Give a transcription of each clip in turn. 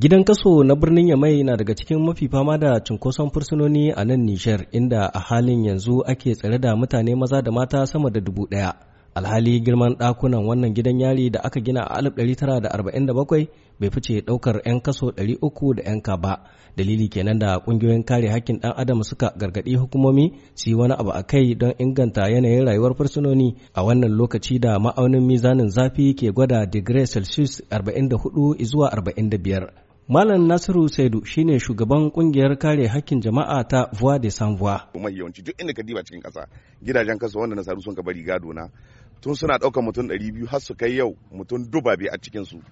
Gidan kaso na birnin Yamai na daga cikin mafi fama da cunkoson fursunoni a nan Nijar inda a halin yanzu ake tsare da mutane maza da mata sama da dubu ɗaya. alhali girman ɗakunan wannan gidan yari da aka gina a 1947 bai fice ɗaukar 'yan kaso 300 da 'yan ka ba dalili kenan da ƙungiyoyin kare hakkin ɗan adam suka gargaɗi hukumomi su yi wani abu a kai don inganta yanayin rayuwar fursunoni a wannan lokaci da ma'aunin mizanin zafi ke gwada digire celsius 44 zuwa 45 Malam Nasiru Saidu shine shugaban ƙungiyar kare hakkin jama'a ta Voix de Sans Voix. kuma yawanci duk inda ka diba cikin ƙasa gidajen kasa wanda saru sun ka bari gado na tun suna ɗaukar mutum ɗari biyu har su kai yau mutum dubabe a cikinsu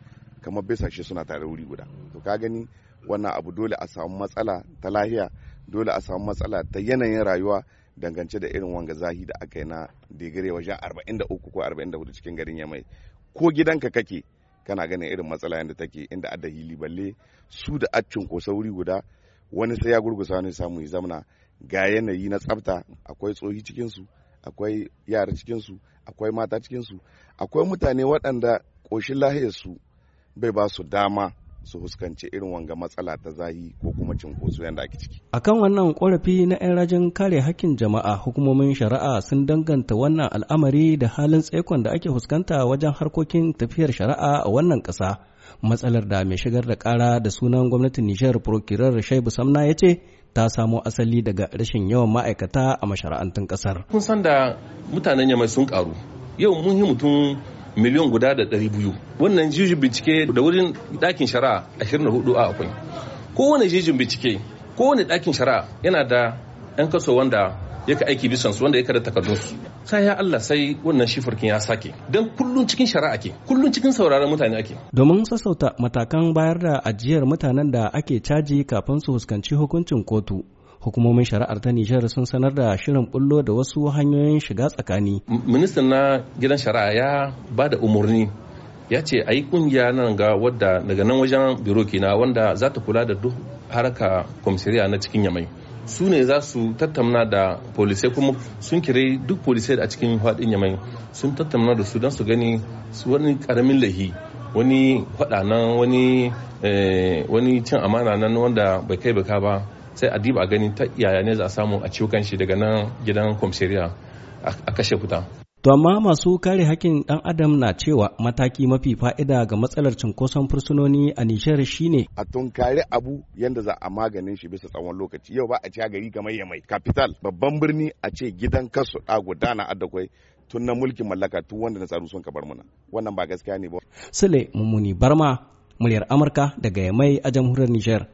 kamar bisa shi suna tare wuri guda to ka gani wannan abu dole a samu matsala ta lahiya dole a samu matsala ta yanayin rayuwa dangance da irin wanga zahi da aka yi na digire wajen 43 ko 44 cikin garin yamai ko gidanka kake kana ganin irin matsala yadda take inda adda hili balle su da accin ko sauri guda wani sai ya gurgusa wani samu ya zamana ga yanayi na tsafta akwai tsohi cikinsu akwai yara cikinsu akwai mata cikinsu akwai mutane waɗanda ƙoshin su bai ba su dama su fuskanci irin wanga matsala ta zahi ko kuma cinkoso yadda ake ciki. A kan wannan ƙorafi na 'yan rajin kare hakkin jama'a hukumomin shari'a sun danganta wannan al'amari da halin tsaikon da ake fuskanta wajen harkokin tafiyar shari'a a wannan ƙasa. Matsalar da mai shigar da ƙara da sunan gwamnatin Nijar Prokirar Shaibu Samna ya ce ta samo asali daga rashin yawan ma'aikata a mashara'antun kasar. Kun san da mutanen yamai sun karu. Yau mun yi mutum miliyan guda da ɗari biyu. Wannan jijin bincike da wurin ɗakin shari'a ashirin da hudu a akwai. Kowane jijin bincike, kowane ɗakin shari'a yana da 'yan kaso wanda yake aiki bisansu wanda yake da takardunsu. sai ya Allah sai wannan shifurkin ya sake don kullun cikin shari'a ke kullun cikin sauraron mutane ake domin sassauta matakan bayar da ajiyar mutanen da ake caji kafin su fuskanci hukuncin kotu hukumomin shari'ar ta Nijar sun sanar da shirin bullo da wasu hanyoyin shiga tsakani. Ministan na gidan shari'a ya ba da umarni ya ce a yi kungiya nan ga wadda daga nan wajen biro kina wanda za ta kula da duk haraka komisariya na cikin yamai. su ne za su tattauna da polisai kuma sun kire duk polisai a cikin faɗin yamai sun tattauna da su don su gani su wani karamin lahi wani faɗa nan eh, wani cin amana nan wanda bai kai baka ba sai a diba a gani ta yaya ne za a samu a ciwo shi daga nan gidan kwamshiriya a kashe kuta To amma masu kare hakkin ɗan adam na cewa mataki mafi fa'ida ga matsalar cunkoson fursunoni a nishar shine a tunkari abu yadda za a maganin shi bisa tsawon lokaci yau ba a ci gari ga mai mai capital babban birni a ce gidan kasu a gudana na adakwai tun na mulkin mallaka tun wanda na tsaro sun kabar muna wannan ba gaskiya ne ba. Sule Mummuni Barma muryar Amurka daga Yamai a jamhuriyar Nijar.